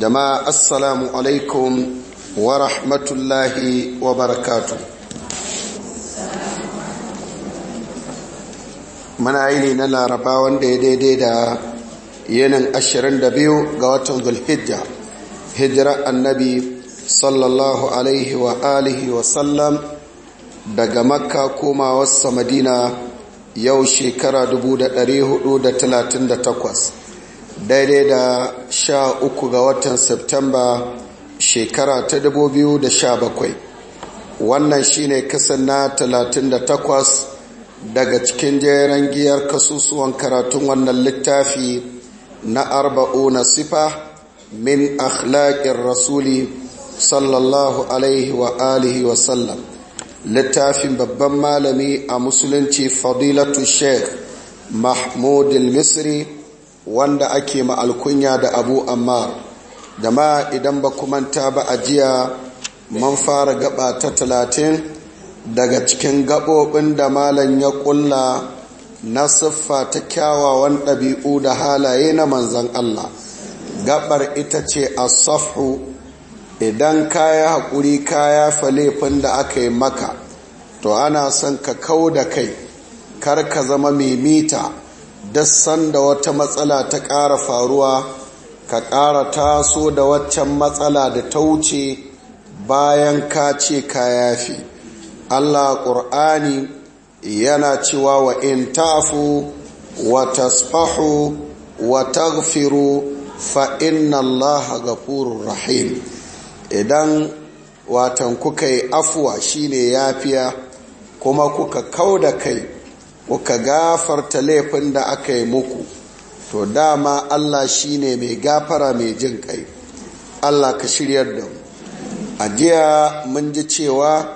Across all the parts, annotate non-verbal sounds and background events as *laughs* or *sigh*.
jama'a assalamu alaikum wa rahmatullahi wa barakatu mana ne na laraba wanda ya daidai da yanin 22 ga watan zulhijja hijira annabi sallallahu alaihi wa alihi wa sallam daga makka koma wasu madina yau shekara 438 daidai da sha uku ga watan Septemba shekara ta dubu biyu da sha bakwai wannan shine kasan na talatin da takwas daga cikin jeren giyar kasusuwan karatun wannan littafi na arba'u na sifa min akhlaƙin rasuli sallallahu alaihi wa alihi wa sallam littafin babban malami a musulunci fadilatu sheikh Mahmudin misri wanda ake ma'alkunya da abu amma da ma idan ba kumanta ba a jiya man fara gaba ta talatin daga cikin gaɓoɓin da malam ya ƙulla na siffa ta kyawawan ɗabi'u da halaye na manzan Allah gaɓar ita ce a safru idan kaya haƙuri kaya falefin da aka yi maka to ana son ka kau da kai kar ka zama mita. dassan da wata matsala ta ƙara faruwa ka ƙara taso da waccan matsala da ta wuce bayan ka ce ka yafi allah ƙur'ani yana cewa wa in tafu wa tasfahu wa tagfiru fa inna allaha rahim idan watan kuka yi afuwa shine yafiya kuma kuka kau da kai kuka gafarta laifin da aka yi muku to dama Allah shine mai gafara mai jin kai Allah ka shiryar da mu a jiya mun ji cewa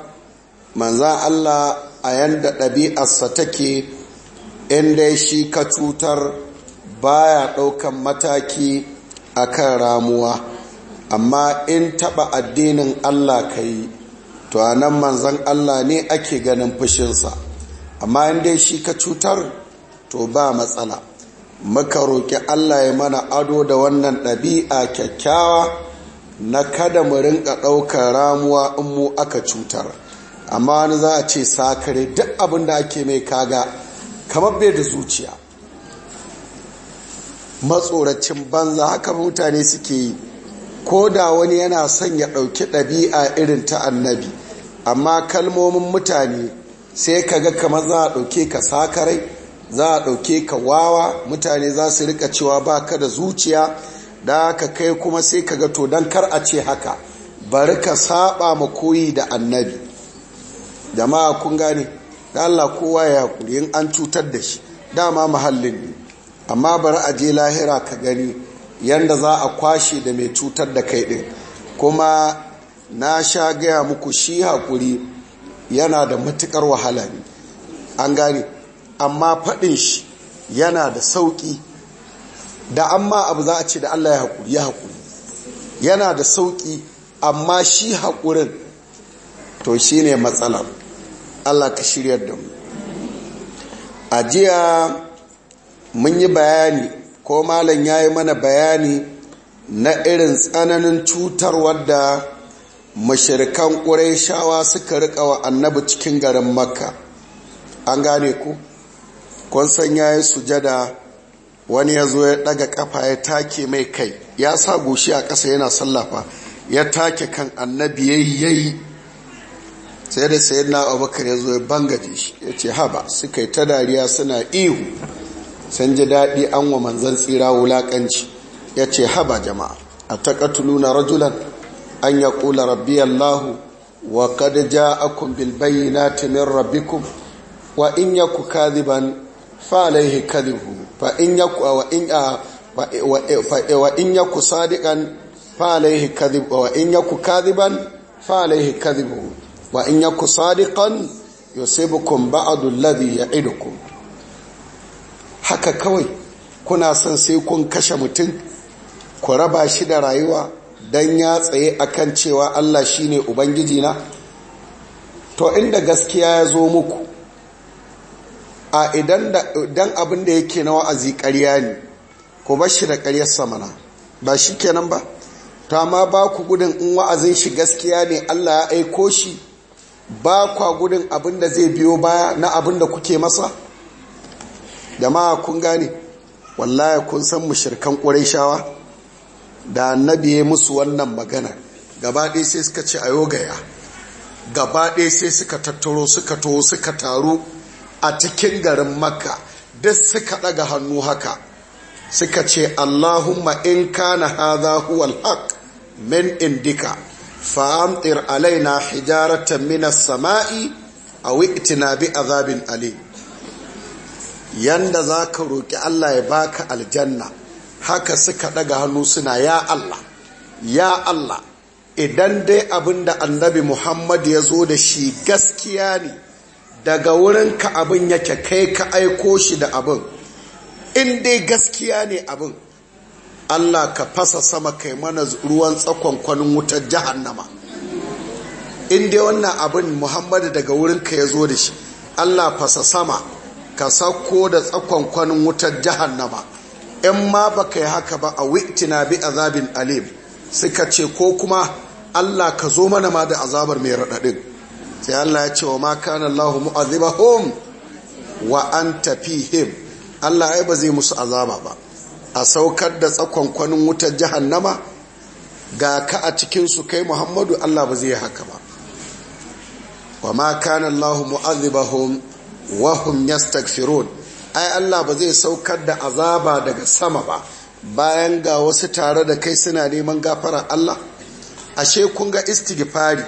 manzan Allah a yanda ɗabi'arsa take inda shi ka cutar baya ɗaukan mataki akan ramuwa amma in taɓa addinin Allah ka yi to a nan manzan Allah ne ake ganin fushinsa amma in dai shi ka cutar to ba matsala muka roƙi Allah ya mana ado da wannan ɗabi'a kyakkyawa na kada mu rinka ɗaukar ramuwa in mu aka cutar amma wani za a ce sakare duk abin da ake mai kaga kamar bai da zuciya matsoracin banza haka mutane suke yi ko da wani yana son ya ɗauki ɗabi'a irin ta annabi amma kalmomin mutane sai ka ga kamar za a ɗauke ka sakarai za a ɗauke ka wawa mutane za su rika cewa ba ka da zuciya da ka kai kuma sai ka ga to don kar a ce haka bari ka saba ma koyi da annabi jama'a kun gane da Allah kowa ya hakuri in an cutar da shi dama muhallin ne amma bari a je lahira ka gani yanda za a kwashe da mai cutar da kai din kuma na sha gaya muku shi hakuri yana da matukar wahala ne an gane amma faɗin shi yana da sauƙi da amma abu za a ce da Allah ya haƙuri yana da sauƙi amma shi haƙurin to shi ne matsalar Allah ka shirya da mu a jiya mun yi bayani ko malam ya yi mana bayani na irin tsananin cutar wadda ƙurai shawa suka riƙa wa annabi cikin garin makka an gane ku kun san ya yi sujada wani ya zo ya ɗaga ƙafa ya take mai kai ya sa goshi a ƙasa yana sallafa ya take kan annabi ya yi ya sai da sai na abubakar ya zo ya bangaje shi ya ce haba suka yi ta dariya suna ihu sun ji daɗi an wa manzan tsira wulaƙanci ya ce haba jama'a a taƙatulu na rajulan an ya ƙula rabbi Allahu wa kada ja akun bilbayi na timin rabbikun wa in ku wa in ya ku sadiƙan falaihi kazibu wa in ya ku kaziban falaihi kazibu wa ya ku sadiƙan haka kawai kuna son sai kun kashe mutum ku raba shi da rayuwa don ya tsaye akan cewa Allah shine ubangiji na to inda gaskiya ya zo muku a idan abin da yake na wa'azi ƙarya ne ku bashi shi da ƙaryar samana ba shi kenan ba ta ma ba ku gudun in wa'azin shi gaskiya ne Allah ya aiko shi ba kwa gudun abin da zai biyo baya na abin da kuke masa jama'a kun gane wallahi kun san mushirkan ƙurai shawa da annabi ya musu wannan magana gaba ɗaya sai suka ce a yogaya gaba ɗaya sai suka tattaro suka toho suka taru a cikin garin makka duk suka ɗaga hannu haka suka ce allahumma in kana hadha huwal haq min indika alai alaina hijaratan minas sama'i aw itina bi azabin yadda yanda zaka roki Allah ya baka aljanna haka suka daga hannu suna ya Allah ya Allah idan dai abin da annabi Muhammad ya zo da shi gaskiya ne daga wurinka abin yake kai ka aiko shi da abin in dai gaskiya ne abin Allah ka fasa sama kai mana ruwan tsakon wutar jahannama in dai wannan abin Muhammad daga wurinka ya zo da shi Allah fasa sama ka sako da tsakon kwanin wutar jahannama in ma ba yi haka ba a wittina bi azabin alim suka ce ko kuma Allah ka zo mana ma da azabar mai raɗaɗin sai Allah ya ce wa ma kana Allah mu'azibahum wa anta fihim Allah ai ba zai musu azaba ba a saukar da tsakonkwanin wutar nama, ga ka a cikin su kai Muhammadu Allah ba zai haka ba wa ma kana Allah mu'azibahum wa hum yastaghfirun ai Allah ba zai saukar da azaba daga sama ba bayan ga wasu tare da kai suna neman gafara Allah ashe kun ga istighfari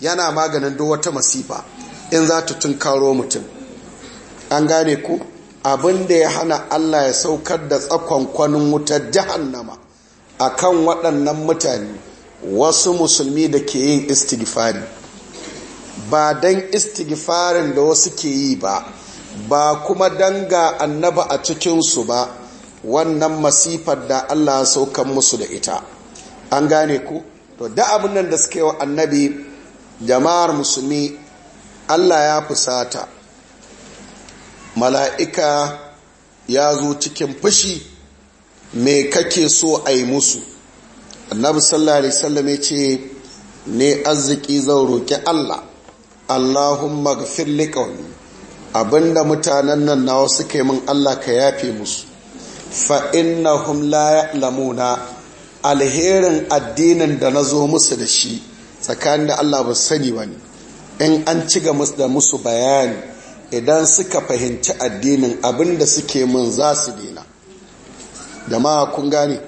yana maganin duk wata masifa in za ta tun karo mutum an gane ku abin da ya hana Allah ya saukar da tsakon tsakonkwanin wutar jahannama kan waɗannan mutane wasu musulmi da ke yin istighfari ba don istighfarin da wasu ke yi ba ba kuma danga annaba a cikinsu ba wannan masifar da Allah saukan musu da ita an gane ku to da abin nan da suke wa annabi jama'ar musulmi Allah ya fusata mala'ika ya zo cikin fushi me kake so a yi musu annabi sallallahu alaihi wasallam ya ce ne arziki zan roki Allah Allahumma gafir liqawmi abinda mutanen nan nawa suka yi min Allah ka yafe musu fa innahum la ya'lamuna alherin addinin da na zo musu da shi tsakanin da Allah ba sani ba ne in an ci ga musu da musu bayani idan suka fahimci addinin abinda suke min za su dina ma kun gane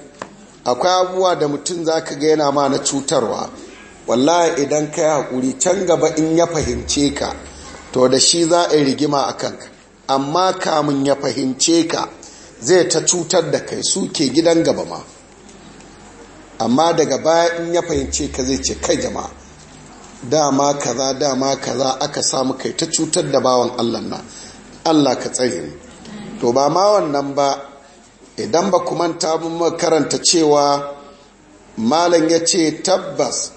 akwai abubuwa da mutum za ka ga yana ma na cutarwa wallahi idan ka yi haƙuri can gaba in ya fahimce ka to da shi za a rigima a kanka amma kamun ya fahimce ka zai ta cutar da kai suke gidan gaba ma amma daga baya in ya fahimce ka zai ce kai jama'a dama kaza dama kaza aka samu kai ta cutar da bawan allah na allah ka tsaye to ba ma wannan ba idan ba kuma ta karanta cewa malam ya ce tabbas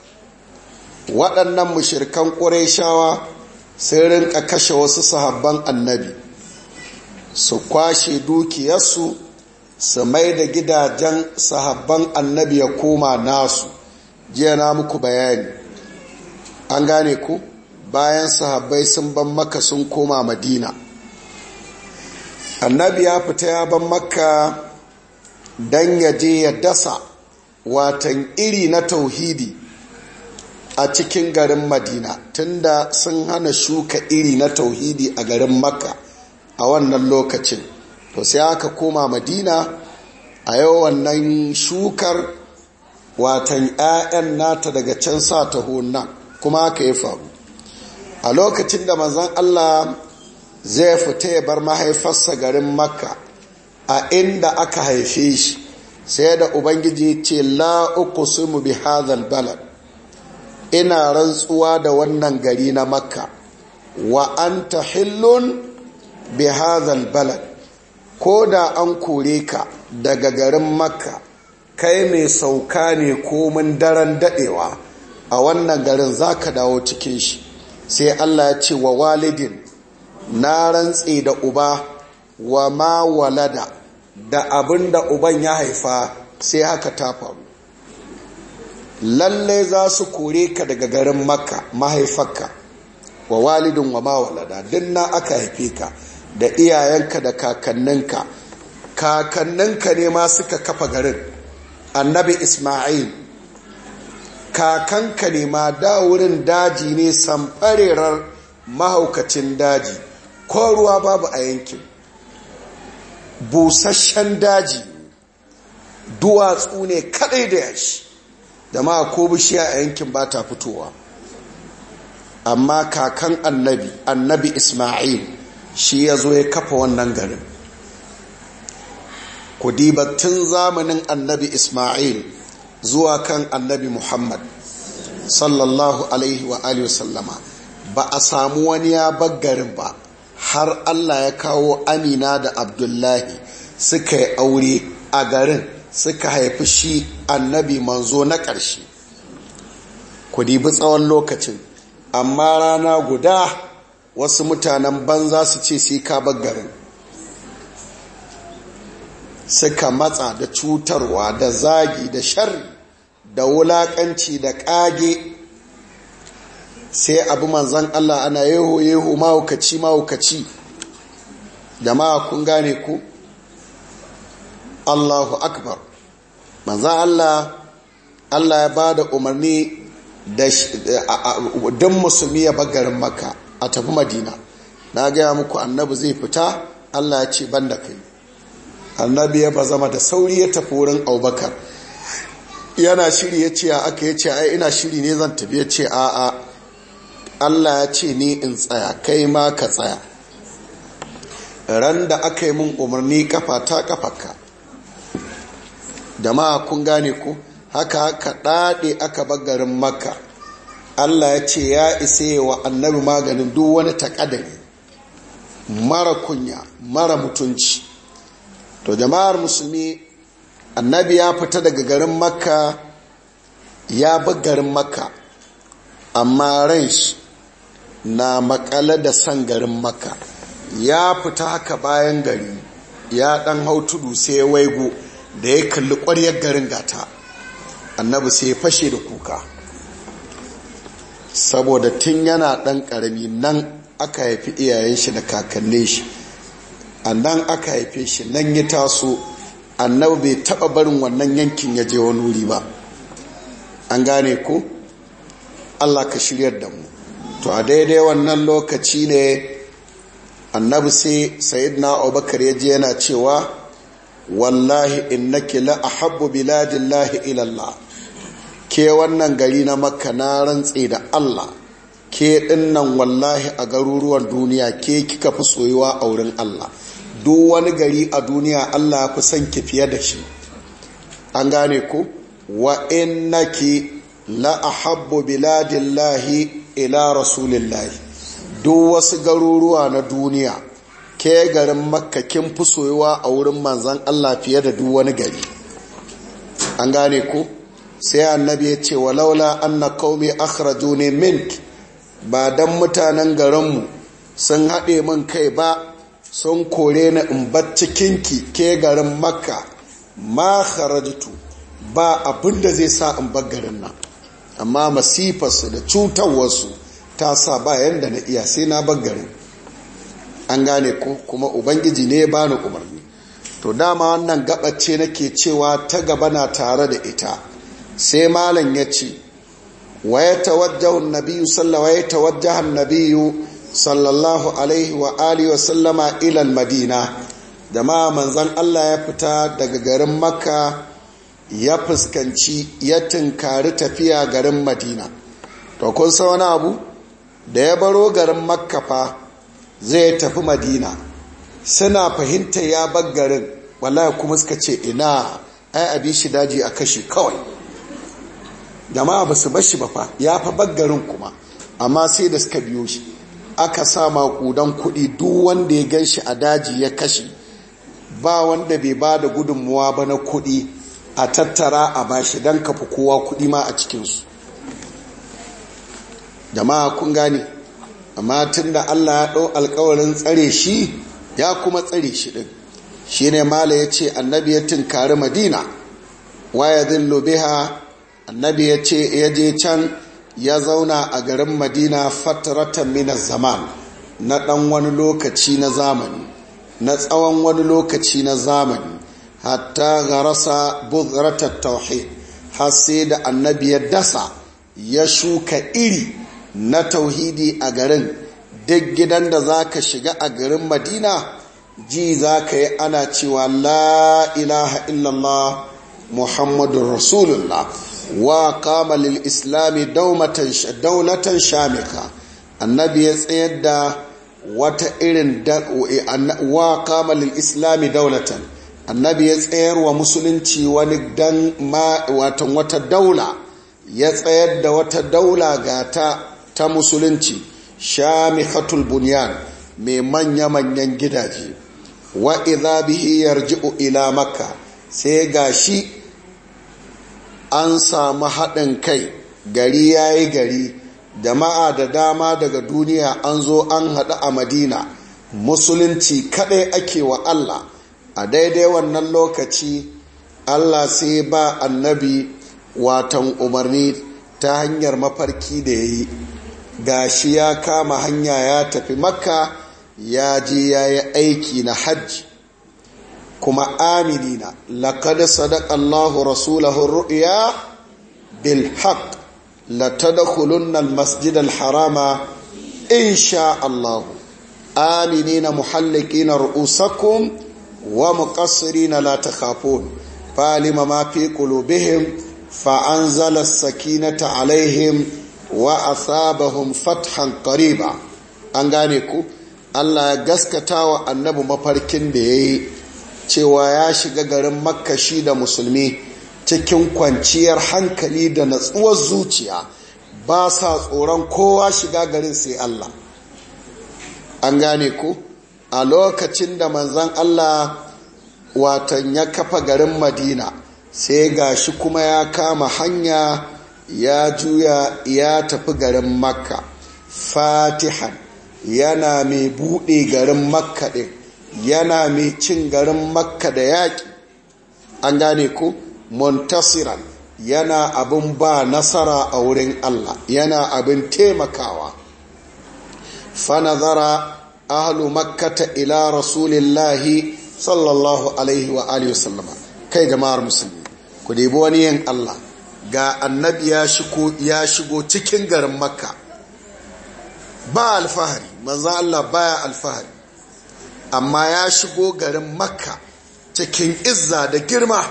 waɗannan mushirkan shawa. sai rinka kashe wasu sahabban annabi su kwashe dukiyarsu su mai da gidajen sahabban annabi ya koma nasu jiya na muku bayani an gane ku bayan sahabbai sun ban maka sun koma madina annabi ya fita ya ban maka don ya je ya dasa watan iri na tauhidi a cikin garin madina tunda sun hana shuka iri na tauhidi a garin makka a wannan lokacin to sai aka koma madina a yau wannan shukar watan 'ya'yan nata daga can sa taho nan kuma aka yi faru a lokacin da manzan allah zai fita ya bar mahaifarsa garin makka a inda aka haife shi sai da ubangiji ce la mu bi hadhal balad ina rantsuwa da wannan gari na makka wa an ta hillun balad ko da an kore ka daga garin makka kai mai sauka ne ko komin daren daɗewa a wannan garin za ka dawo cikin shi sai allah ya ce wa walidin na rantse da uba wa ma walada da abin da uban ya haifa sai haka ta faru lalle za su kore ka daga garin makka mahaifarka wa walidin wa mawalada din na aka haife ka da iyayenka da kakanninka kakanninka ne ma suka kafa garin annabi isma'il kakanka ne ma da wurin daji ne samfarerar mahaukacin daji ko ruwa babu a yankin busasshen daji duwatsu ne kadai da yashi da ma ko bishiya a yankin ba ta fitowa amma kakan annabi annabi isma'il shi ya zo ya kafa wannan garin kudibattun tun zamanin annabi isma'il zuwa kan annabi muhammad sallallahu alaihi wa alihi wasallama ba a samu wani ya garin ba har allah ya kawo amina da abdullahi suka yi aure a garin suka haifi shi annabi manzo na ƙarshe ku dibi tsawon lokacin amma rana guda wasu mutanen banza su ce sai ka garin suka matsa da cutarwa da zagi da shar da wulaƙanci da ƙage sai abu manzan Allah ana yeho yeho mahaukaci mahaukaci jama'a kun gane ku Allahu akbar manzan Allah Allah ya ba da umarni don musulmi ya bagarin maka a tafi madina na gaya muku annabi zai fita Allah ya ce ban da kai annabi ya ba zama da sauri ya tafi wurin Aubakar. yana shiri ya ce aka ya ce ai ina shiri ne zan tafi ya ce a'a Allah ya ce ni in tsaya kai ma ka tsaya ran da aka yi mun umarni kafa ta kafarka jama'a kun gane ku haka haka ɗaɗe aka garin maka allah ya ce ya isa wa annabi maganin duk wani takadari mara kunya mara mutunci to jama'ar musulmi annabi ya fita daga garin makka ya garin makka amma ran shi na makale da san garin makka ya fita haka bayan gari ya ɗan hau tudu sai waigo da ya kalli kwaryar garin gata annabi sai ya fashe da kuka saboda tun yana dan karami nan aka haifi iyayen shi da kakannin shi a nan aka haife shi nan ya taso annabi bai taba barin wannan yankin ya je wani wuri ba an gane ko allah ka shiryar da mu to a daidai wannan lokaci ne annabi sai na abubakar ya je yana cewa wallahi innaki la ahabbu biladillahi ila Allah ke wannan gari na makka na rantse da Allah ke dinnan wallahi a garuruwan duniya ke kika fi soyuwa a wurin Allah duk wani gari a duniya Allah fi san ki fiye da shi an gane ku wa innaki la ahabbu biladillahi ila rasulillahi duk wasu garuruwa na duniya ke garin makka kin fi soyuwa a wurin manzan Allah fiye da duk wani gari an gane ku sai annabi ya ce walaula anna qaumi akhrajuni mint. ba dan mutanen garinmu sun haɗe min kai ba sun kore ni in bar cikinki ke garin makka ma kharajtu ba abin da zai sa in bar garin nan amma masifarsu da cutarwarsu ta sa bayan da na iya sai na bar garin an gane kuma ubangiji ne ba ni umarni to dama wannan gabace nake cewa ta gaba na tare da ita sai malam ya ce wa ya nabiyu nabiyu sallallahu alaihi wa alihi wa sallama ilan madina jama'a manzan Allah ya fita daga garin makka ya fuskanci ya tinkari tafiya garin madina to kun sa wani abu da ya baro garin makka fa zai tafi madina suna fahimta ya baggarin wallahi kuma suka ce ina ai abin shi daji a kashi kawai jama'a ba su bashi ba fa ya fa baggarin kuma amma sai da suka biyo shi aka sa makudan kuɗi duk wanda ya gan shi a daji ya kashi ba wanda bai ba da gudunmuwa ba na kuɗi a tattara a bashi don kafa kowa kuɗi ma a cikinsu jama'a kun gane amma tun da Allah ya ɗau alkawarin tsare shi ya kuma tsare shi ɗin shi ne mala ya ce annabi ya tinkari madina waya zillu biha annabi ya ce ya je can ya zauna a garin madina fataratan mina zaman na ɗan wani lokaci na zamani na tsawon wani lokaci na zamani hatta ga rasa buzratar tauhid har sai da annabi ya dasa ya shuka iri na tauhidi a garin duk gidan da za ka shiga a garin madina ji za ka yi ana cewa la ilaha illallah muhammadun rasulullah wa kama islami daunatan shamika annabi ya tsayar da wata irin wa kama islami daunatan annabi ya tsayar wa musulunci wani dan wata daula ya tsayar da wata daula gata ta musulunci shamihatul bunyan mai manya-manyan gidaje wa idza bihi yarji'u ila makka sai gashi an samu haɗin kai gari yayi gari jama'a da dama daga duniya an zo an haɗu a madina musulunci kaɗai ake wa allah a daidai wannan lokaci allah sai ba annabi watan umarni ta hanyar mafarki da ya yi gashi ya kama hanya ya tafi makka ya ji ya yi aiki na hajji kuma aminina laƙad sadaƙallahu rasulahun ru'iya bil haq la tadkhulunnal masjidal harama insha Allah aminina muhallikina ru'usakum wa muqassirina la takhafun falima ma fi qulubihim fa anzala as-sakinata alaihim wa asabahum fathan qariba an gane ku Allah ya gaskata wa annabi mafarkin da yayi cewa ya shiga garin makka shi da musulmi cikin kwanciyar hankali da natsuwar zuciya ba sa tsoron kowa shiga garin sai Allah an gane ku a lokacin da manzan Allah watan ya kafa garin madina sai ga shi kuma ya kama hanya ya juya ya tafi garin makka fatihan yana mai buɗe garin makka ɗin yana mai cin garin makka da yaƙi an gane ko montasiran yana abin ba nasara a wurin allah yana abin taimakawa fanazara ahlu makkata ila rasulillahi sallallahu alaihi wa alihi wasallama kai jama'ar musulmi ku debi wani yin allah ga annabi ya shigo cikin garin makka ba alfahari manzan Allah baya alfahari amma ya shigo garin makka cikin izza da girma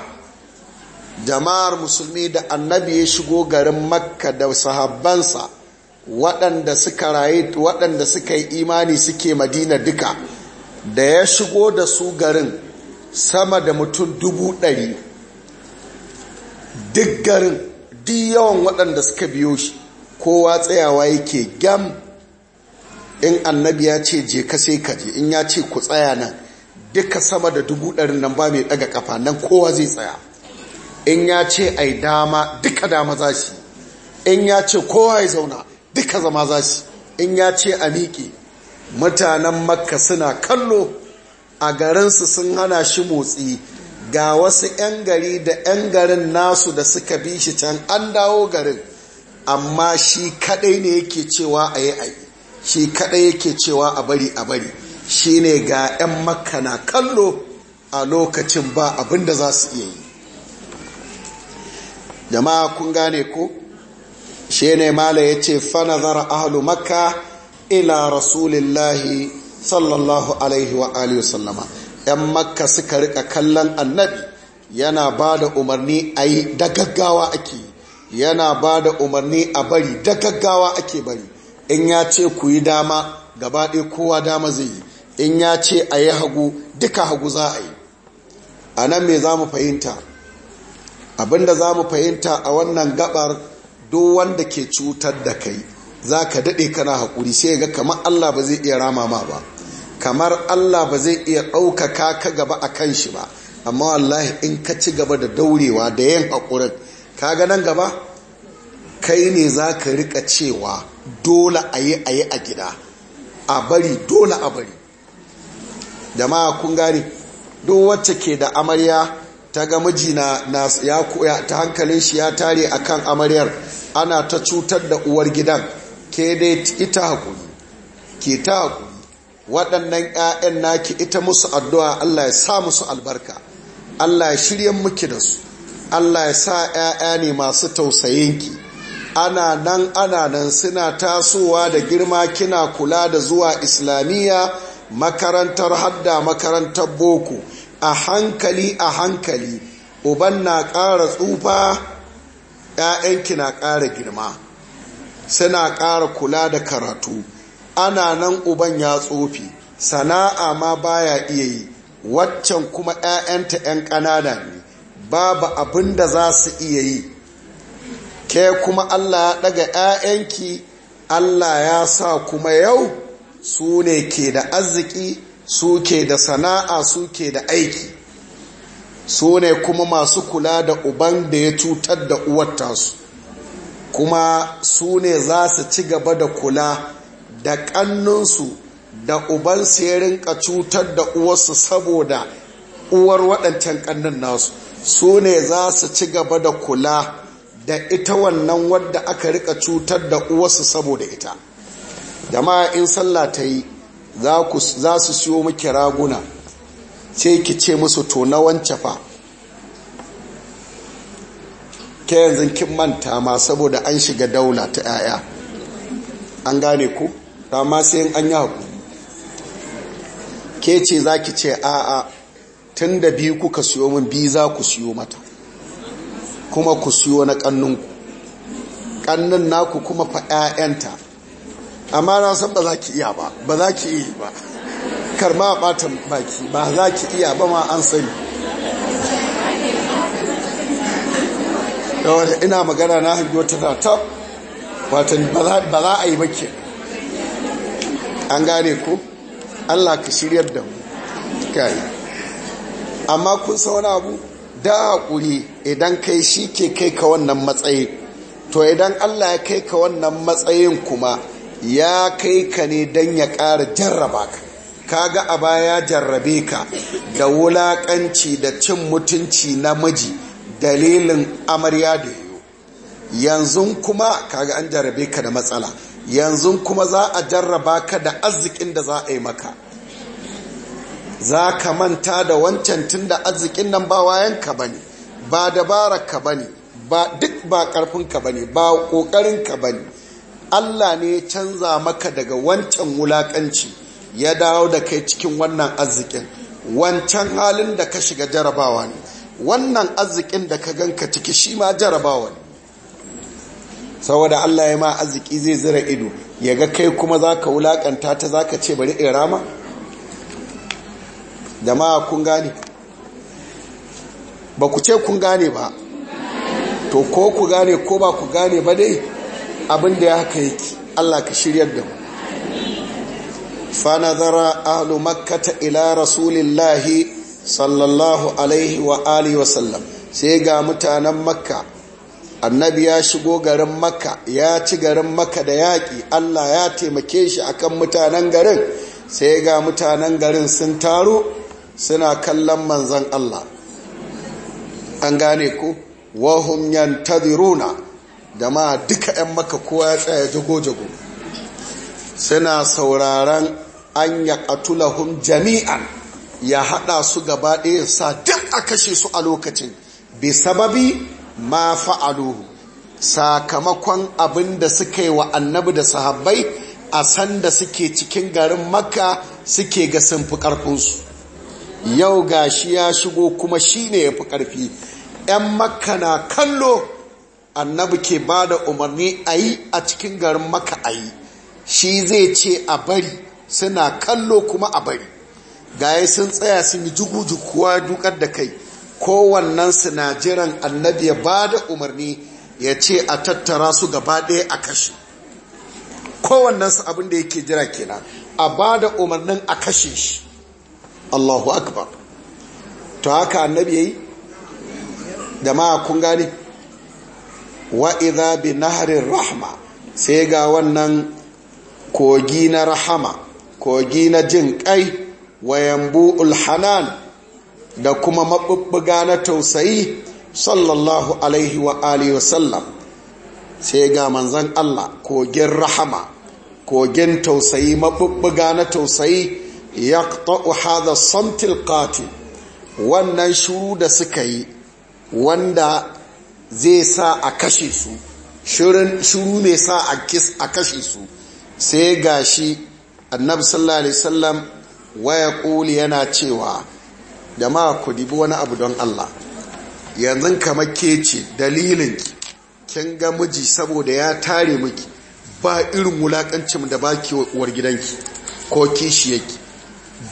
jama'ar musulmi da annabi ya shigo garin makka da sahabbansa waɗanda suka raye waɗanda suka yi imani suke madina duka da ya shigo da su garin sama da mutum dubu ɗari duk garin duk yawan waɗanda suka biyo shi kowa tsayawa yake gam in annabi ya ce je ka sai ka je in ya ce ku tsaya nan duka sama da dubu ɗarin nan ba mai ɗaga kafa nan kowa zai tsaya in ya ce ai dama duka dama za shi in ya ce kowa ya zauna duka zama za shi in ya ce a miƙe mutanen makka suna kallo a garinsu sun hana shi motsi ga wasu 'yan gari da 'yan garin nasu da suka bi shi can an dawo garin amma shi kadai ne yake cewa a yi aiki shi kadai yake cewa a bari a bari shi ne ga 'yan makka na kallo a lokacin ba abinda da za su iya yi jama'a kun gane ko shi ne mala ya ce zara ahalu maka ila rasulillahi sallallahu alaihi wa alihi wasallama 'yan makka suka rika kallon annabi yana ba da umarni a yi dagaggawa gaggawa ake yana ba da umarni a bari dagaggawa gaggawa ake bari in ya ce ku yi dama gaba ɗaya kowa dama zai yi in ya ce a yi hagu duka hagu za a yi a nan me za mu fahimta abinda za mu fahimta a wannan gabar duk wanda ke cutar da kai za ka daɗe kana haƙuri sai ga kamar allah ba zai iya rama ma ba kamar Allah ba zai iya ɗaukaka ka gaba a kan shi ba amma wallahi in ka ci gaba da daurewa da yin haƙurin ga nan gaba kai ne za ka rika cewa dole a yi a yi a gida a bari dole a bari jama'a kun gane duk wacce ke da amarya ta ga miji na, ya koya ta hankalin shi ya tare akan amaryar ana ta cutar da uwar gidan ke dai ita haƙuri ke ta haƙuri waɗannan 'ya'yan naki ita musu addu'a Allah ya sa musu albarka Allah ya shirya muki da su Allah ya sa 'ya'ya ne masu tausayinki ana nan ana nan suna tasowa da girma kina kula da zuwa islamiyya makarantar hadda makarantar boko a hankali a hankali uban na ƙara tsufa 'ya'yanki na ƙara girma suna ƙara kula da karatu ana nan uban ya tsofi sana'a ma baya iya yi waccan kuma 'ya'yanta 'yan ƙanana ne babu abin da za su iya yi ke kuma allah ya ɗaga 'ya'yanki allah ya sa kuma yau su ne ke da arziki su ke da sana'a su ke da aiki su ne kuma masu kula da uban da ya cutar da uwar tasu kuma su ne za su ci gaba da kula da ƙannunsu da ubansu ya rinka cutar da uwarsu saboda uwar waɗancan ƙannun nasu su ne za su ci gaba da kula da ita wannan wadda aka rika cutar da uwarsu saboda ita jama'a in sallah ta yi za su siyo miki raguna ce ki ce musu to na wance fa ke yanzu kin manta ma saboda an shiga daula ta 'ya'ya an gane ku amma sai an yi haƙuri ke ce za ki ce a'a tun da biyu kuka siyo min biyu za ku siyo mata kuma ku siyo na ƙannunku ƙannun naku kuma fa 'ya'yanta amma na san ba za ki iya ba ba za ki iya ba karma a ɓatan baki ba za ki iya ba ma an sani ina magana na hajjota ta watan ba za a yi ba an gane ko allah ka shiryar da mu kai amma kun wani abu da haƙuri idan kai shi ke kai ka wannan matsayi to idan allah ya kai ka wannan matsayin kuma ya kai ka ne don ya ƙara jarraba ka kaga a baya jarrabe ka da wulaƙanci da cin mutunci namiji dalilin amarya da yanzu kuma kaga an jarrabe ka da matsala yanzu kuma za a jarraba ka da arzikin da za a yi maka za ka manta da wancan tun da arzikin nan ba wayanka ba ne ba dabararka ba ne duk ba karfinka ba ne ba ƙoƙarinka ba ne allah ne ya canza maka daga wancan wulaƙanci ya dawo da kai cikin wannan arzikin wancan halin da ka shiga jarabawa ne wannan arzikin da ka ganka ciki shi ma jarabawa ne saboda Allah ya ma arziki zai zira ido ya ga kai kuma za ka wulaƙanta ta za ka ce bari in rama da ma kun gane ba ku ce kun gane ba to ko ku gane ko ba ku gane ba dai abinda ya haka yake Allah ka shiryar da mu fanazara ahlu makkata ila rasulillahi sallallahu alaihi wa alihi wa sallam sai ga mutanen makka annabi ya shigo garin makka ya ci garin maka da yaƙi allah ya taimake shi a kan mutanen garin sai ga mutanen garin sun taru suna kallon manzan allah an gane ku wahum da ma duka 'yan maka kowa ya tsaya jago-jago suna sauraron an ya ƙatulahun jami'an ya haɗa su gaba ɗaya sa duk a kashe su a lokacin bi sababi ma fa'aluhu sakamakon abin da suka yi wa annabi da sahabbai a sanda suke cikin garin makka suke ga sun fi ƙarfinsu yau ga shi ya shigo kuma shi ne ya fi ƙarfi 'yan makka na kallo annabi ke ba da umarni a yi a cikin garin makka a yi shi zai ce a bari suna kallo kuma a bari yi sun tsaya sun yi jugu-juguwa dukar da kai kowannan sinajiran annabi ya ba da umarni ya ce a tattara su gaba ɗaya a kashe kowannan su abinda yake jira kenan a ba da umarnin a kashe shi allahu akbar to haka annabi ya yi da ma kun gane wa'iza bi naharin rahma sai ga wannan kogi na rahama kogi na jin ƙai wayan bu'ul hanan da kuma maɓuɓɓuga na tausayi sallallahu alaihi wa alihi wasallam sai ga manzan Allah kogin rahama kogin tausayi maɓuɓɓuga na tausayi ya ta'u hada samtil kati wannan shuru da suka yi wanda zai sa a kashe su shuru mai sa a kashe su sai ga shi annabi sallallahu alaihi wasallam waya ƙuli yana cewa jama'a ku dibi wani abu don Allah yanzu kamar ke ce dalilin kin ga miji saboda ya tare miki ba irin wulakancin da baki uwar gidanki ko kishiyarki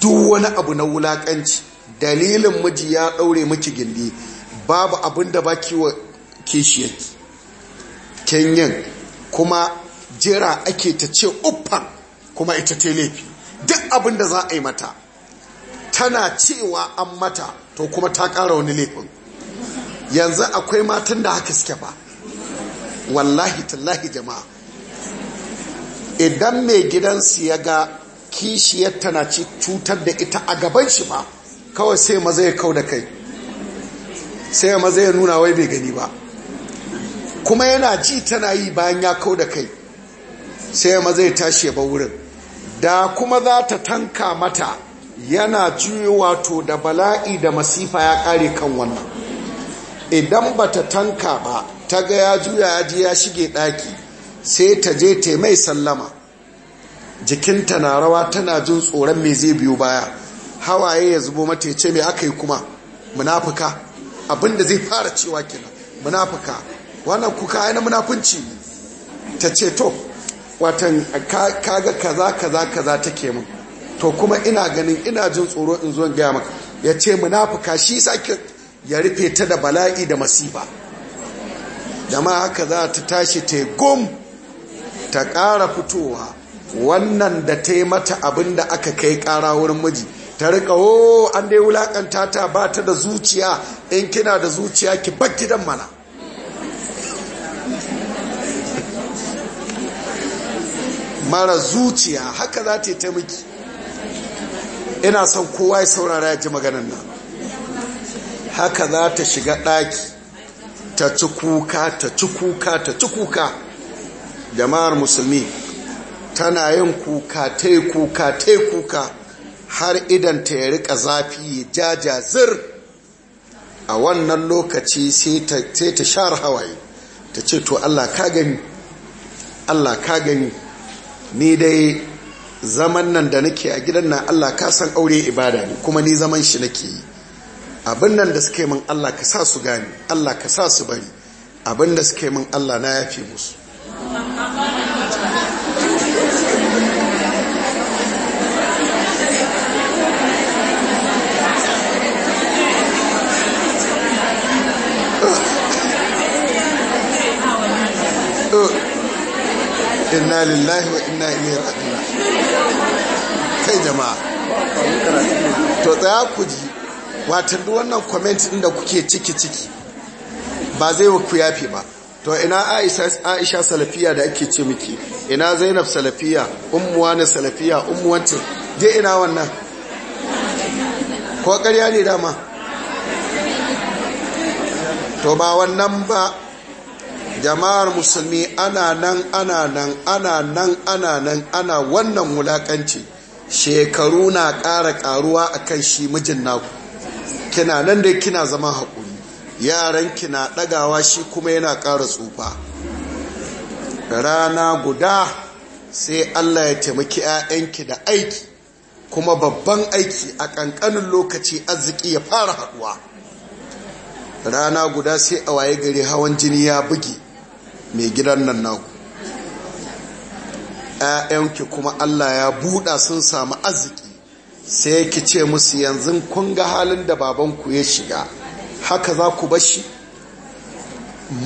duk wani abu na wulakanci dalilin miji ya daure miki gindi babu abin da baki wa kishi kin kenyan kuma jira ake ta ce uffan kuma ita ta laifi duk abin da za a yi mata tana cewa an mata to kuma ta ƙara wani laifin yanzu akwai matan da haka suke ba wallahi tallahi jama'a idan mai gidansu ya ga kishiyar tana ci cutar da ita a gaban shi ba kawai sai maza ya kau da kai sai maza ya nuna wai bai gani ba kuma yana ji tana yi bayan ya kau da kai sai maza ya tashi ya ba wurin da kuma za ta tanka mata yana juyo wato da bala'i da masifa ya kare kan wannan idan ba ta tanka ba ta ga ya juya ya ji ya shige daki, sai ta je ta mai sallama jikinta na rawa tana jin tsoron mai zai biyu baya hawaye ya zubo mata ce mai aka yi kuma munafuka abinda zai fara cewa kina munafuka wannan kuka aina munafunci ta ce to watan kaga kaza kaza kaza take mun to kuma ina ganin ina jin tsoro in zo gaya maka ya ce munafuka shi sake ya rufe ta da bala'i da masifa ma haka za ta tashi ta gum ta ƙara fitowa wannan da ta yi mata abin da aka kai ƙara wurin miji ta rika o oh, an dai wulakanta ta ba ta da zuciya in kina da zuciya ki bar gidan mana mara zuciya haka za ta yi ta miki ina son kowa ya saurara ya ji maganin nan haka za ta shiga ɗaki ta ci kuka ta ci kuka ta ci kuka jama'ar musulmi tana yin kuka ta yi kuka ta yi kuka har idan ta ya rika zafi ya jaja zir a wannan lokaci sai ta shar hawaye ta ce to allah ka gani allah ka gani ni dai zaman nan da nake a gidan nan Allah ka san aure ibada ne kuma ni zaman shi nake yi abin nan da suke min Allah ka sa su gane Allah ka sa su bari abin da suke min Allah na yafe musu *laughs* Uh. uh. inna lillahi wa inna ilaihi raji'un kai jama'a to tsaya ku ji wato duk wannan comment din da kuke ciki ciki ba zai ku yafi ba to ina Aisha Aisha salafiya da ake ce miki ina Zainab salafiya ummu wani salafiya ummu wancin je ina wannan ko ƙarya ne dama to ba wannan ba jama'ar musulmi ana nan ana nan ana nan ana nan ana wannan wulakanci shekaru na ƙara ƙaruwa a kan shi mijin naku kina nan dai kina zama haƙuri yaran kina ɗagawa shi kuma yana ƙara tsufa rana guda sai allah ya taimaki 'ya'yanki da aiki kuma babban aiki a ƙanƙanin lokaci arziki ya fara haɗuwa rana guda sai a waye gari hawan jini ya buge mai gidan nan naku ‘ya'yanki kuma Allah ya buɗa sun samu arziki sai ki ce musu yanzu kun ga halin da babanku ya shiga haka za ku bashi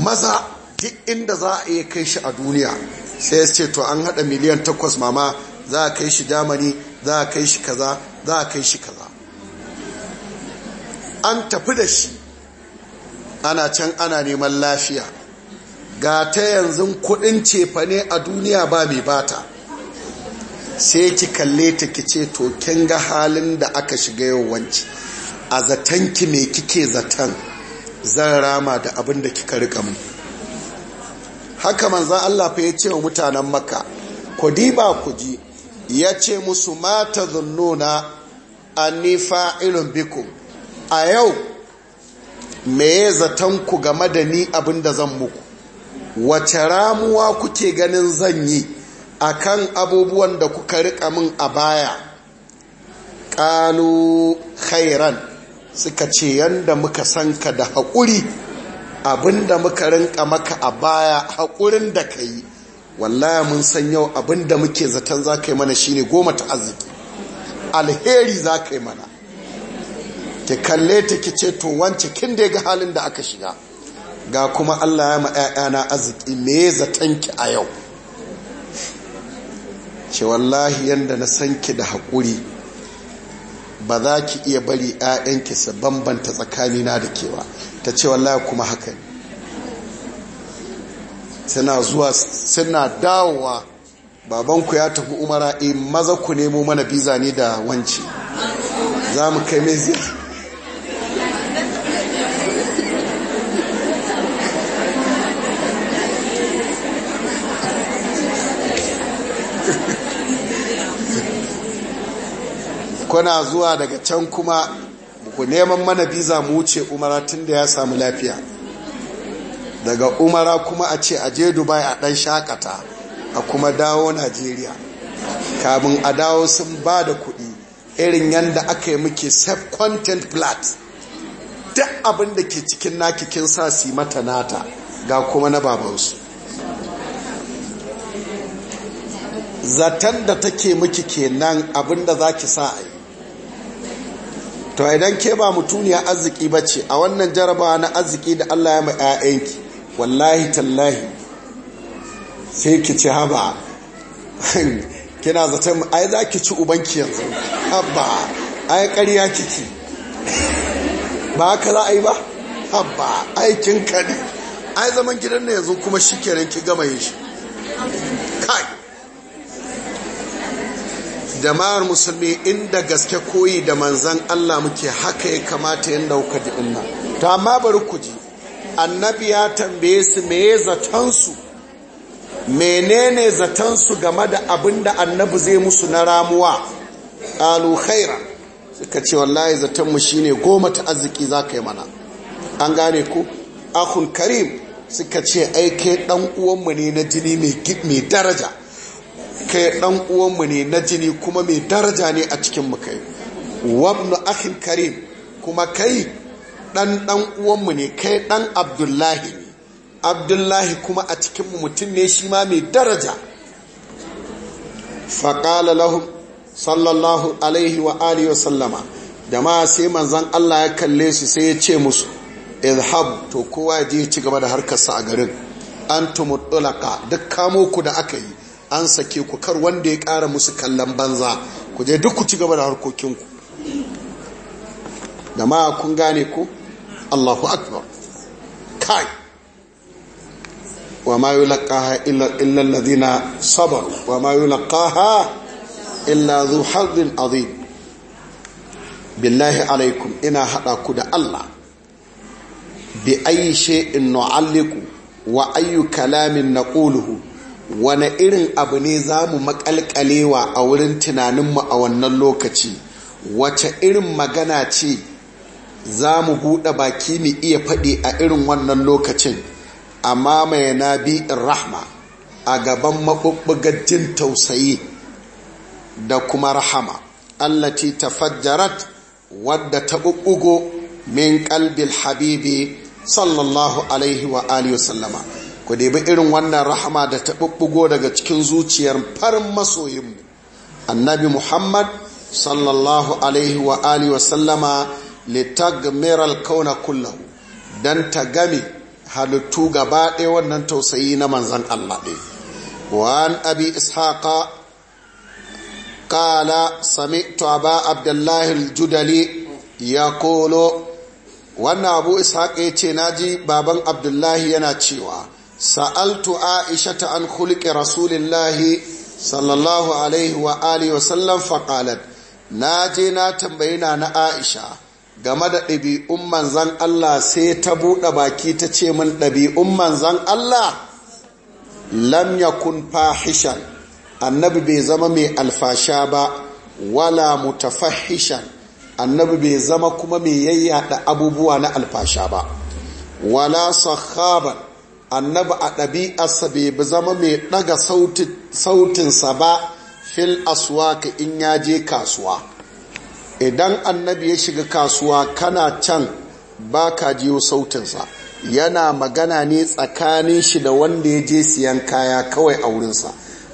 maza duk inda za a iya kai shi a duniya sai ya ce to an haɗa miliyan takwas mama za a kai shi jamani za a kai shi kaza za a kai shi kaza an tafi da shi ana can ana neman lafiya ga ta yanzu kudin cefa ne a duniya ba mai bata sai ki kalle ta ki ce to kin ga halin da aka shiga yawanci a zaton ki me kike zaton zan rama da abin da kika rika mu haka manzan Allah fa ya ce wa mutanen makka ku diba ku ji ya ce musu mata a anni fa'ilun bikum a yau me zaton ku game da ni abin da zan muku wace ramuwa kuke ganin zan yi a kan abubuwan da kuka rika min a baya Ƙanu khairan suka ce yadda muka san ka da haƙuri abinda muka rinka maka a baya haƙurin da ka yi wallaya mun san yau abinda muke zaton za ka yi mana shine goma ta arziki alheri za ka yi mana ki kalle ta ki ce to wance kin da ga halin da aka shiga ga kuma Allah ya ma'ya'yana arziki me zaton ki a yau ce wallahi yadda na san ki da haƙuri ba za ki iya bari 'ya'yanki su bambanta tsakani na da kewa ta ce wallahi kuma haka ne suna zuwa suna dawowa babanku ya tafi umara in eh, maza ku nemo mana biza ne da wanci za mu kai mai kuna zuwa daga can kuma ku neman mana biza mu wuce umara tun da ya samu lafiya daga umara kuma a ce aje dubai a dan shakata a kuma dawo najeriya kamun a dawo sun ba da kuɗi irin yadda aka yi muke self content plat duk abin da ke cikin naki kin sa si mata nata ga kuma na babansu zaton da take miki kenan abin da za ki sa to idan ke ba mutuniya arziki ce, a wannan jaraba na arziki da Allah ya mai aiki, wallahi tallahi sai ki ci haba *laughs* kina zaton ai za ki ci ubanki yanzu haba ai ƙarya kiki ba haka za a yi ba haba aikin ka ne ai zaman gidan ne yanzu kuma shi kenan ki gama yin shi kai jama'ar musulmi inda gaske koyi da manzan Allah muke haka ya kamata yadda kuka ji inna to amma bari ku ji annabi ya tambaye su me meye su? menene su game da abin da annabi zai musu na ramuwa qalu khaira suka ce wallahi mu shine goma ta arziki zaka yi mana an gane ku Akun karim suka ce aike dan uwanmu ne na jini mai daraja kai dan uwanmu ne na jini kuma mai daraja ne a cikin mu kai wabnu akhin karim kuma kai dan dan uwanmu ne kai dan abdullahi ne abdullahi kuma a cikin mu mutum ne shi ma mai daraja faqala lahum sallallahu alaihi wa alihi wa sallama jama'a sai manzon Allah ya kalle su sai ya ce musu izhab to kowa ya je ci gaba da harkarsa a garin antumul ulaka duk kamo ku da aka yi an sake ku kar wanda ya ƙara musu kallon banza ku je duk ku ci gaba da harkokinku da ma kun gane ku allahu akbar kai wa ma yi laƙaha illa ladina sabar wa ma yi laƙaha illa zu azim billahi alaikum ina haɗa ku da allah bi ayi in nu'alliku wa ayyu kalamin na ƙuluhu wane irin abu ne za mu makalkalewa a wurin tunaninmu a wannan lokaci wace irin magana ce za mu buɗe baki mu iya faɗi a irin wannan lokacin amma mai na bi'in rahma a gaban maɓuɓɓugar tausayi da kuma rahama allati tafajjarat wadda ta ɓuɓɓugo min ƙalbil habibi sallallahu alaihi wa alihi wasallama ku debi irin wannan rahama da ta ɓuɓɓugo daga cikin zuciyar farin masoyinmu annabi muhammad sallallahu alaihi wa alihi wasallama meral kauna kullahu don ta game halittu gaba ɗaya wannan tausayi na manzan allah ɗaya sami أبي إسحاق قال abdullahi judali ya kolo wannan abu وانا ya ce naji baban abdullahi yana cewa. sa'altu aisha ta an khulqi rasulillahi sallallahu alaihi wa alihi wasallam na je na tambayi na na aisha game da ɗabi'un manzan Allah sai ta buɗe baki ta ce min ɗabi'un manzan Allah lam yakun fahishan annabi bai zama mai alfasha ba wala mutafahishan annabi bai zama kuma mai yayyada abubuwa na alfasha ba wala sahaban annabi a ɗabi'arsa bai zama mai ɗaga sautinsa ba fil aswaka in ya je kasuwa idan annabi ya shiga kasuwa kana can ba ka jiyo sautinsa yana magana ne tsakanin shi da wanda ya je siyan kaya kawai a wurinsa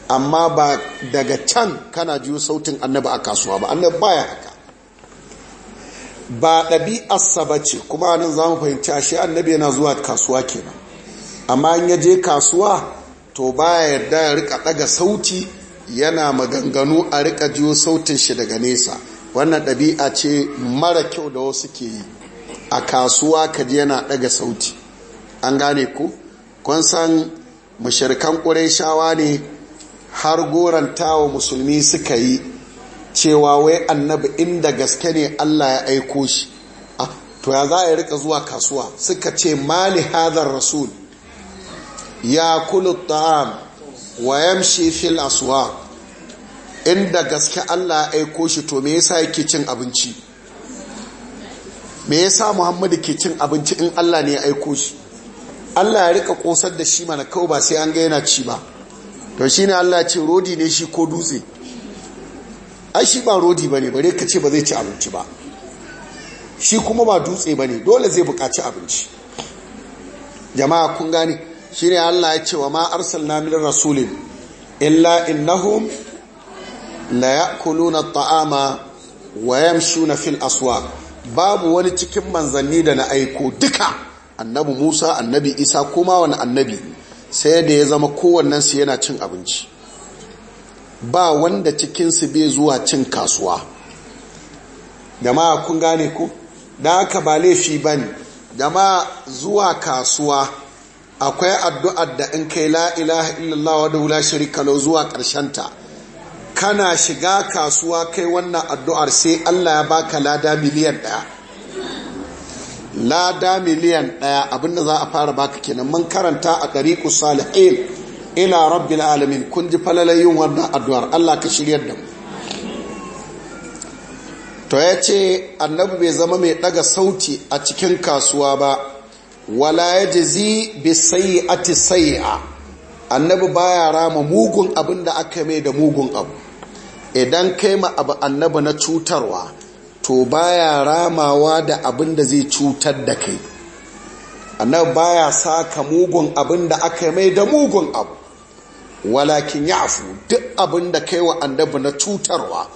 amma ba daga can kana jiyo sautin annabi a kasuwa ba annabi baya haka ba ɗabi'arsa ba ce kuma nan za mu fahimci shi annabi yana zuwa kasuwa kenan amma in ya je kasuwa to baya yarda ya rika daga sauti yana maganganu a rika jiyo sautin shi daga nesa wannan ɗabi'a ce mara kyau da wasu ke yi a kasuwa ka kaji yana daga sauti an gane ku kun san mashirkan shawa ne har wa musulmi suka yi cewa wai annabi inda gaske ne Allah ya aiko shi ah, to ya za a rika zuwa kasuwa suka ce mali hadar rasul ya kula ta'am wa yamshi fil inda gaske Allah ya aiko shi to me yasa yake cin abinci me yasa Muhammadu ke cin abinci in Allah ne ya aiko shi Allah ya rika kosar da shi mana kawai ba sai an ga yana ci ba to shine Allah ya ce rodi ne shi ko dutse ai shi ba rodi bane bare ka ce ba zai ci abinci ba shi kuma ba dutse bane dole zai buƙaci abinci jama'a kun gane shine Allah ya ce wa ma arsalna min rasulin illa innahum la ya'kuluna at-ta'ama wa yamshuna fil aswaq babu wani cikin manzanni da na aiko duka annabi Musa annabi Isa kuma wani annabi sai da ya zama kowannen su yana cin abinci ba wanda cikinsu bai zuwa cin kasuwa jama'a kun gane ku. da aka ba laifi bane jama'a zuwa kasuwa akwai addu'ar da in kai la ilaha illallah wadda wula shirika lau zuwa ta kana shiga kasuwa kai wannan addu'ar sai Allah ya baka lada miliyan ɗaya lada miliyan ɗaya abinda za a fara baka kenan mun karanta a ɗariƙu salihin ila rabbil alamin kun ji falalar yin wannan addu'ar Allah ka shiryar da mu to ya ce annabi bai zama mai ɗaga sauti a cikin kasuwa ba wala ya jazi bi sayi'ati sayi'a annabi baya rama mugun abin da aka mai da mugun abu idan kai ma abu annabi na cutarwa to baya ramawa da abin da zai cutar da kai annabi baya saka mugun abin da aka mai da mugun abu walakin ya afu duk abin da kai wa annabi na cutarwa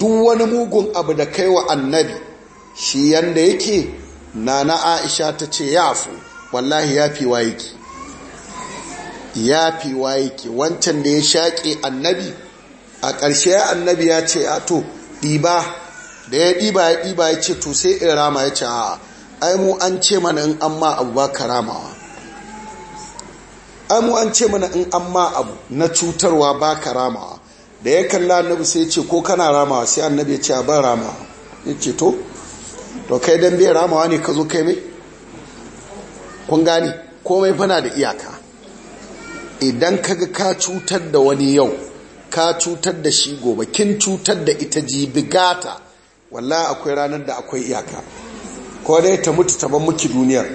duk wani mugun abu da kai wa annabi shi yanda yake nana aisha ta ce yafu wallahi ya fi wa yake fi wa yake wancan da ya shaƙe annabi a ƙarshe annabi ya ce a to ɗiba da ya ɗiba ya ɗiba ya ce to sai in rama ya ce a aimu an ce mana in an ma abu ba karamawa ai an ce mana in an ma abu na cutarwa ba karamawa da ya kalla annabi sai ce ko kana ramawa sai annabi ya ce a ban ramawa ya ce to to kai dan bai ramawa ne ka zo kai mai kun gane komai fana da iyaka idan kaga ka cutar da wani yau ka cutar da shi gobe kin cutar da ita jibi gata wallahi akwai ranar da akwai iyaka ko dai ta mutu ta ban muki duniyar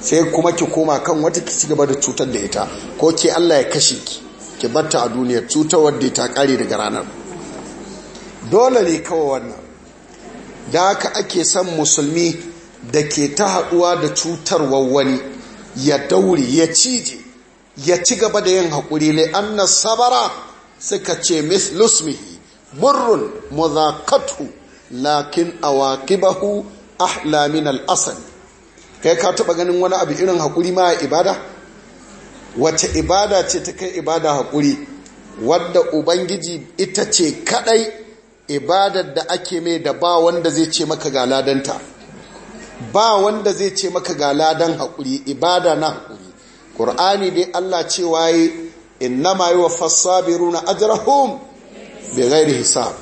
sai kuma ki koma kan wata ki ci gaba da cutar da ita ko ke Allah ya kashe ki ki batta a duniyar cutar wadda ta kare daga ranar dole ne kawai wannan da haka ake son musulmi da ke ta haɗuwa da cutarwar wani ya daure ya cije ya ci gaba da yin haƙuri an na sabara suka ce mislusmihi murrun muzakatu lakin awaqibahu ahla min al-asl kai ka taɓa ganin wani abu irin haƙuri ma ibada wace ibada ce ta kai ibada haƙuri wadda ubangiji ita ce kadai ibadar da ake mai da ba wanda zai ce maka ga ladanta ba wanda zai ce maka ga ladan haƙuri ibada na haƙuri ƙur'ani dai Allah ce waye ma yi wa fassabiruna ajrahum bi bai hisab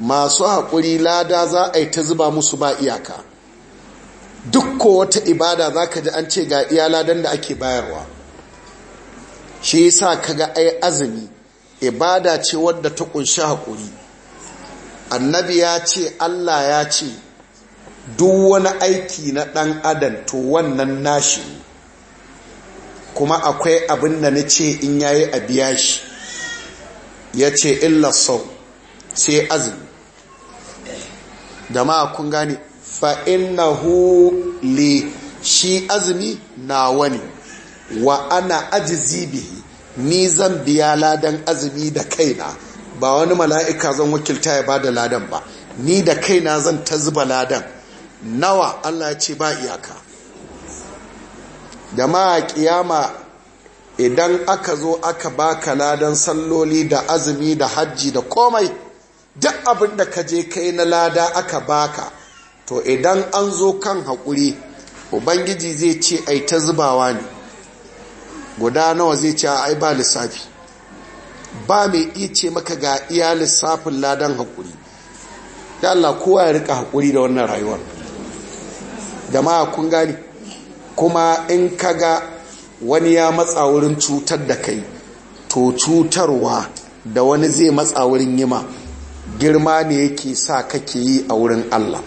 masu haƙuri lada za a yi ta zuba musu ba iyaka duk ko wata ibada za ka ji an ce ga iya ladan da ake bayarwa shi yasa kaga ai azumi ibada ce wadda ta kunshi haƙuri annabi ya ce allah ya ce duk wani aiki na ɗan adam to wannan nashi kuma akwai abin da na ce in yayi a biya shi ya ce illa sau sai azumi da ma kun gane fa'innahu le shi azumi na wani wa ana ajizibi ni zan biya ladan azumi da kaina ba wani mala'ika zan wakilta ya ba da ladan ba ni da kaina zan ta zuba ladan nawa Allah ya ce ba iyaka da kiyama idan aka zo aka baka ladan salloli da azumi da hajji da komai duk abin da ka je kai na lada aka baka to idan an zo kan haƙuri ubangiji zai ce ai ta zubawa ne guda nawa zai ce ai ba lissafi ba mai iya ce maka ga iya lissafin ladan haƙuri da Allah kowa ya rika haƙuri da wannan rayuwar jama'a kun gani kuma in ka ga wani ya matsa wurin cutar da kai to cutarwa da wani zai matsa wurin yima girma ne yake sa kake yi a wurin Allah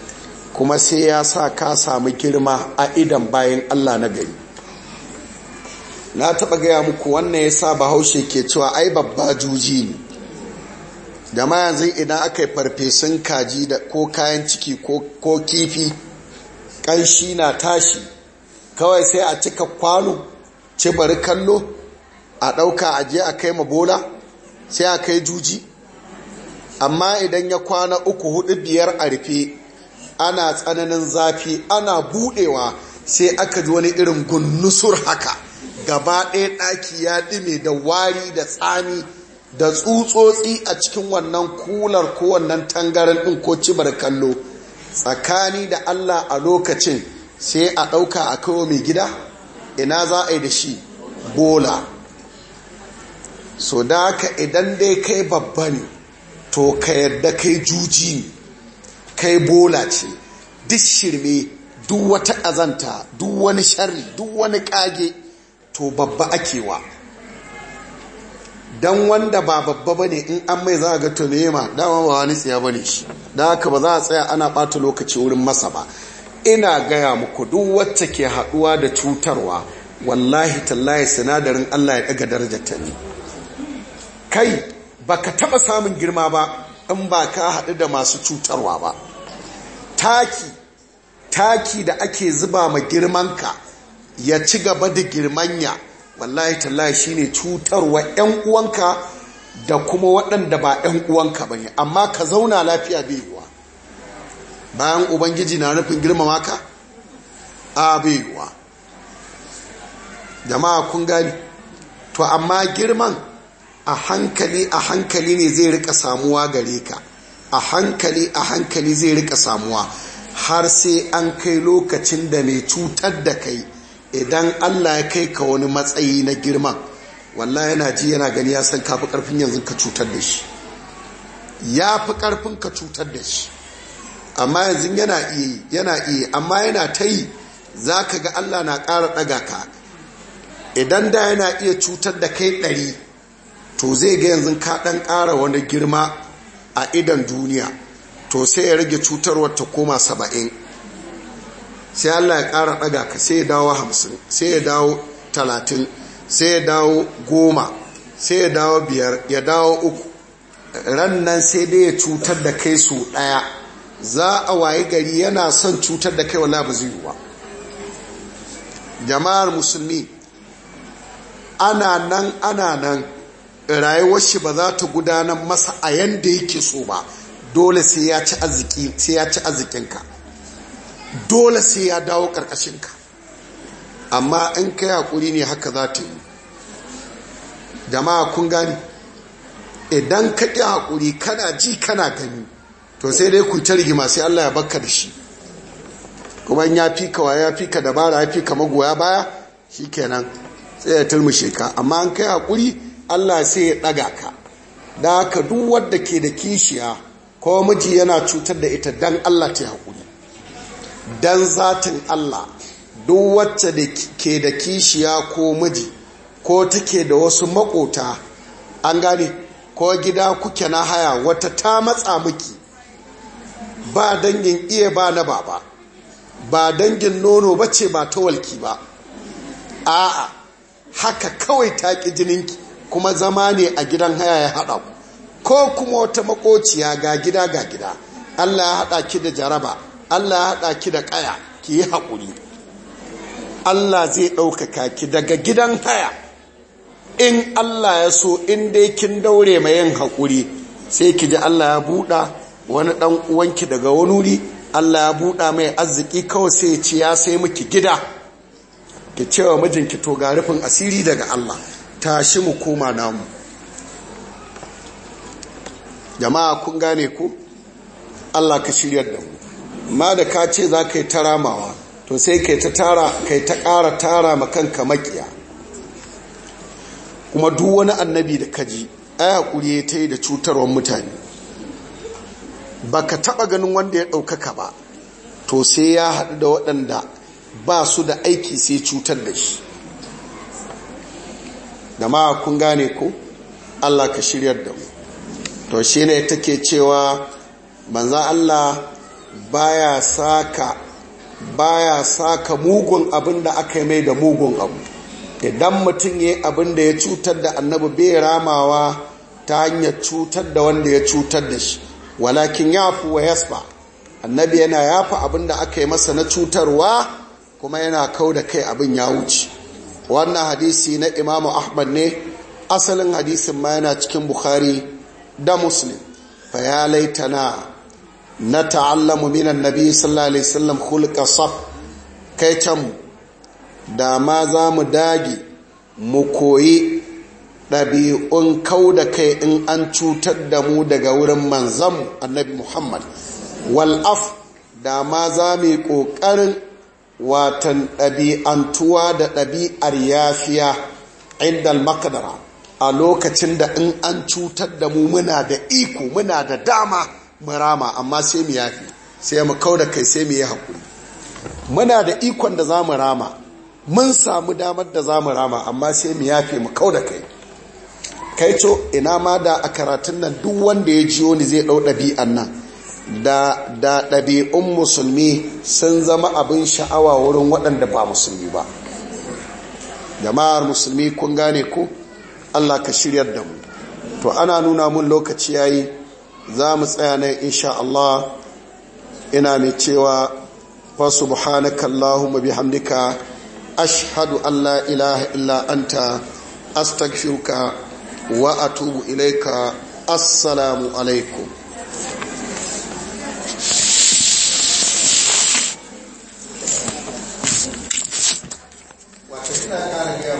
kuma sai ya sa ka samu girma a idan bayan Allah na gari na taɓa gaya muku wannan ya sa bahaushe ke cewa ai babba juji ne da ma yanzu idan aka yi farfesun kaji da ko kayan ciki ko kifi ƙanshi na tashi kawai sai a cika kwano ci bari kallo a ɗauka a je a kai mabola sai a kai juji amma idan ya kwana uku hudu biyar a rufe ana tsananin zafi ana budewa sai aka ji wani irin gunnusur haka gaba ɗaya ɗaki ya ɗime da wari da tsami da tsutsotsi a cikin wannan kular ko wannan tangaran ɗin ko cibar kallo tsakani da Allah a lokacin sai a ɗauka a kawo mai gida ina za a yi da shi bola so da haka idan dai kai babban to ka yadda kai juji kai bola ce duk shirme duk wata ƙazanta duk wani sharri duk wani ƙage to babba wa don wanda ba babba ba ne in an mai za a ga tunema dama ba wani tsiya ba ne shi da haka ba za a tsaya ana ɓata lokaci wurin masa ba ina gaya muku duk wacce ke haɗuwa da cutarwa wallahi tallahi sinadarin allah ya ɗaga darajar ta ne kai ba ka taɓa samun girma ba in ba ka haɗu da masu cutarwa ba taki taki da ake zuba ma girmanka ya ci gaba da girmanya wallahi tallahi shine cutarwa yan uwanka da kuma waɗanda ba yan uwanka bane amma ka zauna lafiya baiwa bayan ubangiji na nufin girmama ka a baiwa jama'a kun gani to amma girman a hankali a hankali ne zai rika samuwa gare ka a hankali a hankali zai rika samuwa har sai an kai lokacin da mai cutar da kai idan Allah ya kai ka wani matsayi na girma, wallah yana ji yana gani ya san kafi karfin yanzu ka cutar da shi ya fi karfin ka cutar da shi amma yanzu yana iya yana iya amma yana ta yi za ka ga Allah na ƙara ɗaga ka idan da yana iya cutar da kai ɗari to zai ga yanzu ka ɗan ƙara wani girma a idan duniya to sai ya rage cutarwar ta koma saba'in sai Allah ya ƙara ɗaga ka sai ya dawo hamsin sai ya dawo talatin sai ya dawo goma sai ya dawo biyar ya dawo uku Rannan sai dai ya cutar da kai su ɗaya za a waye gari yana son cutar da kai wala ba zai yi ba jama'ar musulmi ana nan ana nan rayuwar shi ba za ta gudanar masa a yanda yake so ba dole sai ya ci arzikinka dole sai ya dawo karkashinka amma in ka hakuri ne haka za ta yi jama'a kun gani idan ka ƙi haƙuri kana ji kana gani to sai dai ku ta rigima sai allah ya bakka da shi kuma ya fi kawa ya fi ka dabara ya fi ka magoya baya shi kenan sai ya turmushe ka amma an kai haƙuri allah sai ya ɗaga ka da haka duk wadda ke da kishiya ko miji yana cutar da ita dan allah ta yi haƙuri dan zatin Allah duk wacce da ke da kishiya ko miji ko take da wasu makota an gane ko gida kuke na haya wata ta matsa miki ba dangin iya ba na baba ba dangin nono ba ce ba ta walki ba a'a haka kawai ta ƙi jininki kuma zama ne a gidan haya ya haɗa ku ko kuma wata makociya ga gida ga gida Allah ya haɗa ki da jaraba Allah ya haɗa ki da ƙaya ki yi haƙuri Allah zai ɗaukaka ki daga gidan haya in Allah ya so in dai kin daure mai yin haƙuri sai ki ji Allah ya buɗa wani ɗan uwanki daga wani wuri Allah ya buɗa mai arziki kawai sai ci ya sai miki gida ki cewa mijinki to ga rufin asiri daga Allah tashi mu koma namu jama'a kun gane ku Allah ka shiryar da mu ma da ka ce za ka yi ta ramawa to sai ka yi ta ƙara tara makanka makiya kuma duk wani annabi da kaji ai haƙuri ya ta yi da cutarwar mutane ba ka taɓa ganin wanda ya ɗaukaka ba to sai ya haɗu da waɗanda ba su da aiki sai cutar da shi da ma kun gane ko allah ka shiryar da mu to shi ne take cewa manzan allah baya saka sa ka mugun abin da aka yi mai da mugun abu idan mutum ya abin da ya cutar da annabi bai ramawa ta hanyar cutar da wanda ya cutar da shi walakin ya yafi wa yasfa annabi yana yafa abin da aka yi masa na cutarwa kuma yana kau da kai abin ya wuce wannan hadisi na imamu ahmad ne asalin hadisin ma yana cikin bukhari da muslim fa ya laitana Na ta'allamu minan nabi sallallahu alaihi wasallam khulqa saf kai can da ma za mu dage mu koyi ɗabi'un kau da kai in an cutar da mu daga wurin manzan annabi muhammad wal'af da ma za mu yi ƙoƙarin watan ɗabi'antuwa da ɗabi'ar yafiya inda makadara a lokacin da in an cutar da mu muna da iko muna da dama marama amma sai mu yafi sai mu kauda kai sai mu yi hakuri muna da ikon da za mu rama mun samu damar da za mu rama amma sai mu yafi mu kauda kai kai to ina ma da a karatun nan duk wanda ya jiyo ni zai dau ɗabi'an nan da da ɗabi'un musulmi sun zama abin sha'awa wurin waɗanda ba musulmi ba jama'ar musulmi kun gane ku. Allah ka shiryar da mu to ana nuna mun lokaci yayi za mu tsaya nan insha Allah ina mai cewa wa subhanaka Allahumma bihamdika ashhadu an la ilaha illa anta astaghfiruka wa atubu ilaika assalamu alaikum